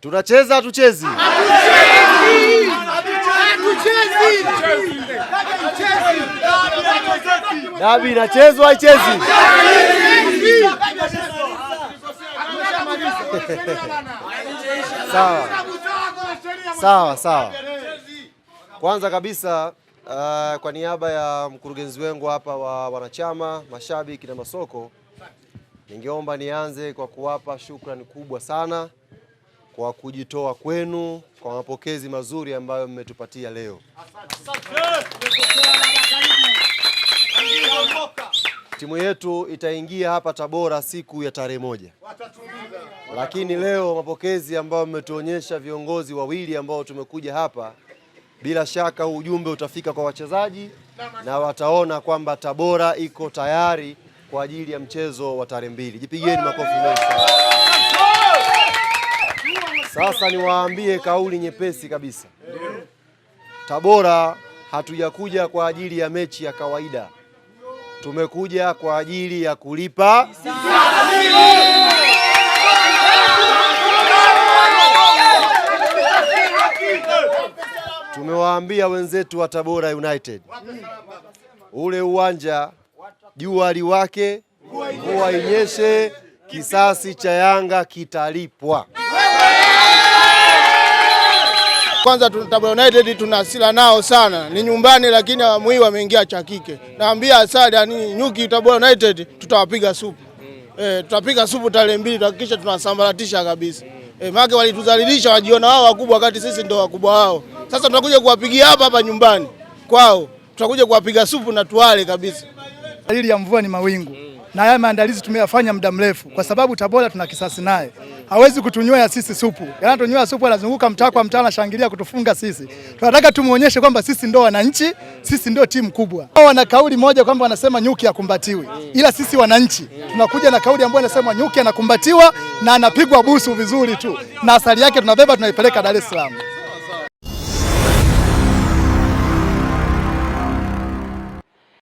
Tunacheza hatuchezi? Dabi inachezwa haichezi? Sawa sawa sawa. Kwanza kabisa uh, kwa niaba ya mkurugenzi wangu hapa wa wanachama, mashabiki na masoko, ningeomba nianze kwa kuwapa shukrani kubwa sana kwa kujitoa kwenu kwa mapokezi mazuri ambayo mmetupatia leo. Timu yetu itaingia hapa Tabora siku ya tarehe moja, lakini leo mapokezi ambayo mmetuonyesha viongozi wawili ambao tumekuja hapa, bila shaka ujumbe utafika kwa wachezaji na wataona kwamba Tabora iko tayari kwa ajili ya mchezo wa tarehe mbili. Jipigieni makofi mengi sana. Sasa niwaambie kauli nyepesi kabisa. Tabora hatujakuja kwa ajili ya mechi ya kawaida, tumekuja kwa ajili ya kulipa Tumewaambia wenzetu wa Tabora United, ule uwanja jua liwake, mvua inyeshe, kisasi cha Yanga kitalipwa. Kwanza Tabora United tuna hasira nao sana, ni nyumbani, lakini amui wameingia cha kike. Naambia Asada yani nyuki Tabora United tutawapiga supu mm. Eh, tutapiga supu tarehe mbili, tuhakikisha tunasambaratisha kabisa mm. Eh, maana walituzalilisha, wajiona wao wakubwa wakati sisi ndio wakubwa wao. Sasa tunakuja kuwapigia hapa hapa nyumbani kwao, tutakuja kuwapiga supu na tuwale kabisa. Dalili ya mvua ni mawingu mm. na haya maandalizi tumeyafanya muda mrefu, kwa sababu Tabora tuna kisasi naye mm hawezi kutunywea sisi supu. Yaani tunywea supu, anazunguka mtaa kwa mtaa, anashangilia kutufunga sisi. Tunataka tumuonyeshe kwamba sisi ndo wananchi, sisi ndio timu kubwa. Wao wana kauli moja kwamba wanasema nyuki akumbatiwi ila sisi wananchi tunakuja na kauli ambayo anasema nyuki anakumbatiwa na anapigwa busu vizuri tu, na asali yake tunabeba tunaipeleka Dar es Salaam.